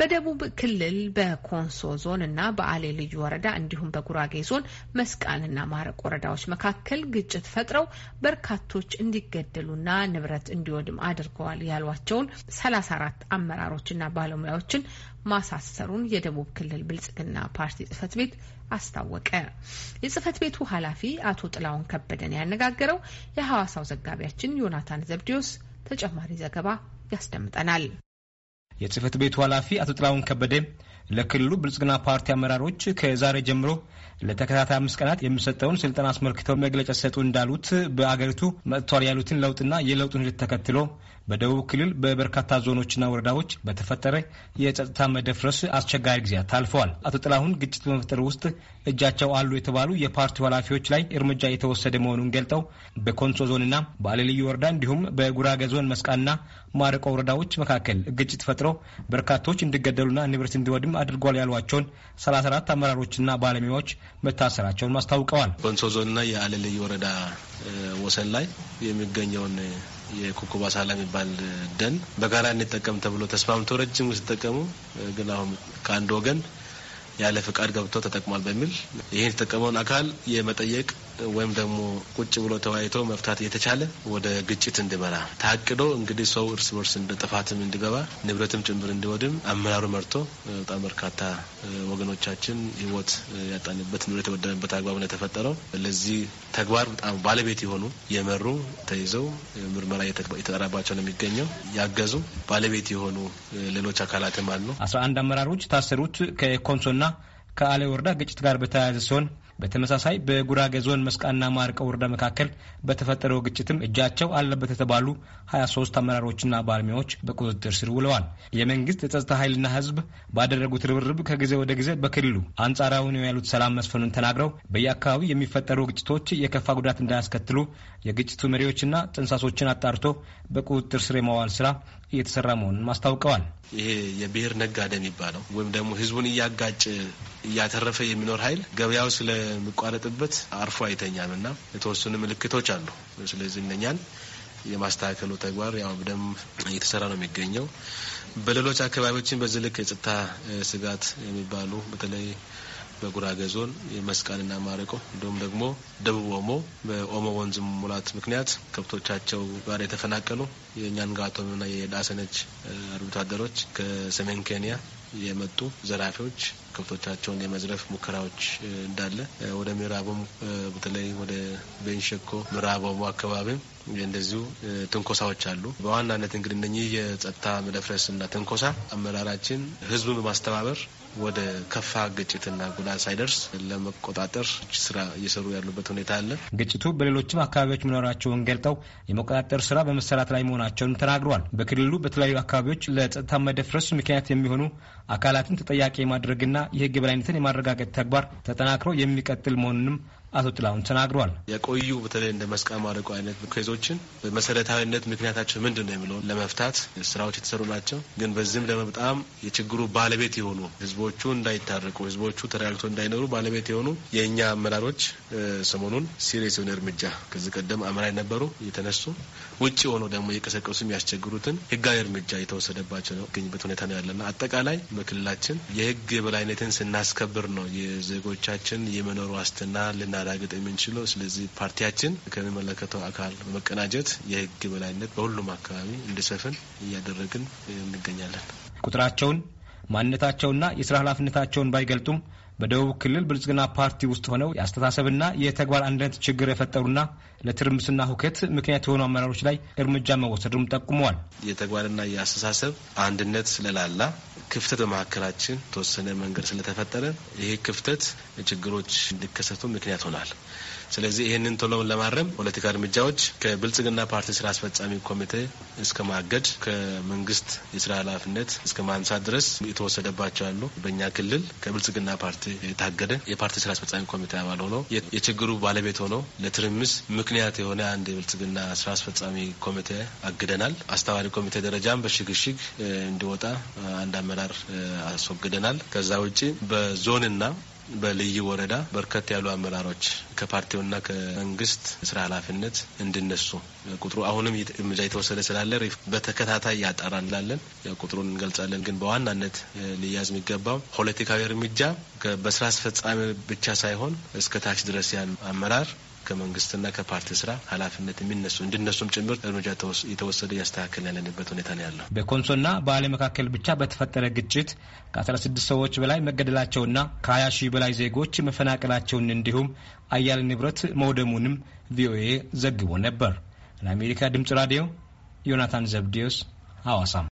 በደቡብ ክልል በኮንሶ ዞን እና በአሌ ልዩ ወረዳ እንዲሁም በጉራጌ ዞን መስቃንና ማረቅ ወረዳዎች መካከል ግጭት ፈጥረው በርካቶች እንዲገደሉና ንብረት እንዲወድም አድርገዋል ያሏቸውን ሰላሳ አራት አመራሮችና ባለሙያዎችን ማሳሰሩን የደቡብ ክልል ብልጽግና ፓርቲ ጽህፈት ቤት አስታወቀ። የጽህፈት ቤቱ ኃላፊ አቶ ጥላውን ከበደን ያነጋገረው የሐዋሳው ዘጋቢያችን ዮናታን ዘብዲዮስ ተጨማሪ ዘገባ ያስደምጠናል። የጽህፈት ቤቱ ኃላፊ አቶ ጥላሁን ከበደ ለክልሉ ብልጽግና ፓርቲ አመራሮች ከዛሬ ጀምሮ ለተከታታይ አምስት ቀናት የሚሰጠውን ስልጠና አስመልክተው መግለጫ ሲሰጡ እንዳሉት በአገሪቱ መጥቷል ያሉትን ለውጥና የለውጡን ሂደት ተከትሎ በደቡብ ክልል በበርካታ ዞኖችና ወረዳዎች በተፈጠረ የጸጥታ መደፍረስ አስቸጋሪ ጊዜያት አልፈዋል። አቶ ጥላሁን ግጭት በመፍጠር ውስጥ እጃቸው አሉ የተባሉ የፓርቲው ኃላፊዎች ላይ እርምጃ የተወሰደ መሆኑን ገልጠው በኮንሶ ዞንና በአለልዩ ወረዳ እንዲሁም በጉራጌ ዞን መስቃንና ማረቆ ወረዳዎች መካከል ግጭት ፈጥሮ በርካቶች እንዲገደሉና ንብረት እንዲወድም አድርጓል ያሏቸውን 34 አመራሮችና ባለሙያዎች መታሰራቸውን አስታውቀዋል። ኮንሶ ዞንና የአለልዩ ወረዳ ወሰን ላይ የሚገኘውን የኮከብ አሳላ የሚባል ደን በጋራ እንጠቀም ተብሎ ተስማምቶ ረጅሙ ሲጠቀሙ፣ ግን አሁን ከአንድ ወገን ያለ ፍቃድ ገብቶ ተጠቅሟል በሚል ይህን የተጠቀመውን አካል የመጠየቅ ወይም ደግሞ ቁጭ ብሎ ተወያይቶ መፍታት እየተቻለ ወደ ግጭት እንዲመራ ታቅዶ እንግዲህ ሰው እርስ በርስ ጥፋትም እንዲገባ ንብረትም ጭምር እንዲወድም አመራሩ መርቶ በጣም በርካታ ወገኖቻችን ህይወት ያጣንበት ንብረት የወደመበት አግባብ ነው የተፈጠረው። ለዚህ ተግባር በጣም ባለቤት የሆኑ የመሩ ተይዘው ምርመራ የተጠራባቸው ነው የሚገኘው ያገዙ ባለቤት የሆኑ ሌሎች አካላትም አሉ። አስራ አንድ አመራሮች ታሰሩት ከኮንሶና ከአሌ ወረዳ ግጭት ጋር በተያያዘ ሲሆን በተመሳሳይ በጉራጌ ዞን መስቃና ማርቀ ወረዳ መካከል በተፈጠረው ግጭትም እጃቸው አለበት የተባሉ 23 አመራሮችና ባለሙያዎች በቁጥጥር ስር ውለዋል። የመንግስት የጸጥታ ኃይልና ህዝብ ባደረጉት ርብርብ ከጊዜ ወደ ጊዜ በክልሉ አንጻራዊ ነው ያሉት ሰላም መስፈኑን ተናግረው በየአካባቢው የሚፈጠሩ ግጭቶች የከፋ ጉዳት እንዳያስከትሉ የግጭቱ መሪዎችና ጥንሳሶችን አጣርቶ በቁጥጥር ስር የማዋል ስራ እየተሰራ መሆኑን አስታውቀዋል። ይሄ የብሔር ነጋዴ የሚባለው ወይም ደግሞ ህዝቡን እያጋጭ እያተረፈ የሚኖር ኃይል ገበያው ስለሚቋረጥበት አርፎ አይተኛም እና የተወሰኑ ምልክቶች አሉ። ስለዚህ እነኛን የማስተካከሉ ተግባር ያው በደንብ እየተሰራ ነው የሚገኘው። በሌሎች አካባቢዎችን በዚህ ልክ የጸጥታ ስጋት የሚባሉ በተለይ በጉራጌ ዞን መስቀንና ማረቆ እንዲሁም ደግሞ ደቡብ ኦሞ በኦሞ ወንዝ ሙላት ምክንያት ከብቶቻቸው ጋር የተፈናቀሉ የኛንጋቶምና የዳሰነች አርብቶ አደሮች ከሰሜን ኬንያ የመጡ ዘራፊዎች ከብቶቻቸውን የመዝረፍ ሙከራዎች እንዳለ ወደ ምዕራቡም በተለይ ወደ ቤንሸኮ ምዕራብ ኦሞ አካባቢም እንደዚሁ ትንኮሳዎች አሉ። በዋናነት እንግዲህ እነኚህ የጸጥታ መደፍረስና ትንኮሳ አመራራችን ህዝቡን በማስተባበር ወደ ከፋ ግጭትና ጉዳት ሳይደርስ ለመቆጣጠር ስራ እየሰሩ ያሉበት ሁኔታ አለ። ግጭቱ በሌሎችም አካባቢዎች መኖራቸውን ገልጠው የመቆጣጠር ስራ በመሰራት ላይ መሆናቸውን ተናግረዋል። በክልሉ በተለያዩ አካባቢዎች ለጸጥታ መደፍረስ ምክንያት የሚሆኑ አካላትን ተጠያቂ የማድረግና የህግ የበላይነትን የማረጋገጥ ተግባር ተጠናክሮ የሚቀጥል መሆኑንም አቶ ጥላሁን ተናግሯል። የቆዩ በተለይ እንደ መስቀል ማድረጉ አይነት ኬዞችን በመሰረታዊነት ምክንያታቸው ምንድን ነው የሚለውን ለመፍታት ስራዎች የተሰሩ ናቸው። ግን በዚህም ደግሞ በጣም የችግሩ ባለቤት የሆኑ ህዝቦቹ እንዳይታረቁ፣ ህዝቦቹ ተረጋግቶ እንዳይኖሩ ባለቤት የሆኑ የእኛ አመራሮች ሰሞኑን ሲሪየስ የሆነ እርምጃ ከዚህ ቀደም አመራር ነበሩ የተነሱ ውጭ ሆኖ ደግሞ የቀሰቀሱ የሚያስቸግሩትን ህጋዊ እርምጃ የተወሰደባቸው ነው ገኝበት ሁኔታ ነው ያለና አጠቃላይ በክልላችን የህግ የበላይነትን ስናስከብር ነው የዜጎቻችን የመኖር ዋስትና ልና ማረጋገጥ የምንችለው። ስለዚህ ፓርቲያችን ከሚመለከተው አካል በመቀናጀት የህግ በላይነት በሁሉም አካባቢ እንዲሰፍን እያደረግን እንገኛለን። ቁጥራቸውን ማንነታቸውና የስራ ኃላፊነታቸውን ባይገልጡም በደቡብ ክልል ብልጽግና ፓርቲ ውስጥ ሆነው የአስተሳሰብና የተግባር አንድነት ችግር የፈጠሩና ለትርምስና ሁከት ምክንያት የሆኑ አመራሮች ላይ እርምጃ መወሰዱም ጠቁመዋል። የተግባርና የአስተሳሰብ አንድነት ስለላላ ክፍተት በመካከላችን ተወሰነ መንገድ ስለተፈጠረ ይሄ ክፍተት ችግሮች እንዲከሰቱ ምክንያት ሆናል። ስለዚህ ይህንን ቶሎ ለማረም ፖለቲካ እርምጃዎች ከብልጽግና ፓርቲ ስራ አስፈጻሚ ኮሚቴ እስከ ማገድ ከመንግስት የስራ ኃላፊነት እስከ ማንሳት ድረስ የተወሰደባቸው አሉ። በእኛ ክልል ከብልጽግና ፓርቲ የታገደ የፓርቲ ስራ አስፈጻሚ ኮሚቴ አባል ሆኖ የችግሩ ባለቤት ሆኖ ለትርምስ ምክንያት የሆነ አንድ የብልጽግና ስራ አስፈጻሚ ኮሚቴ አግደናል። አስተባባሪ ኮሚቴ ደረጃም በሽግሽግ እንዲወጣ አንድ አመራር አስወግደናል። ከዛ ውጭ በዞንና በልዩ ወረዳ በርከት ያሉ አመራሮች ከፓርቲውና ከመንግስት ስራ ኃላፊነት እንዲነሱ ቁጥሩ አሁንም እርምጃ የተወሰደ ስላለ በተከታታይ ያጣራ እንላለን። ቁጥሩን እንገልጻለን። ግን በዋናነት ሊያዝ የሚገባው ፖለቲካዊ እርምጃ በስራ አስፈጻሚ ብቻ ሳይሆን እስከ ታች ድረስ ያን አመራር ከመንግስትና ከፓርቲ ስራ ኃላፊነት የሚነሱ እንዲነሱም ጭምር እርምጃ የተወሰደ እያስተካከል ያለንበት ሁኔታ ነው ያለው። በኮንሶና በአሌ መካከል ብቻ በተፈጠረ ግጭት ከ16 ሰዎች በላይ መገደላቸውና ከ20 ሺህ በላይ ዜጎች መፈናቀላቸውን እንዲሁም አያሌ ንብረት መውደሙንም ቪኦኤ ዘግቦ ነበር። ለአሜሪካ ድምጽ ራዲዮ ዮናታን ዘብዲዮስ አዋሳም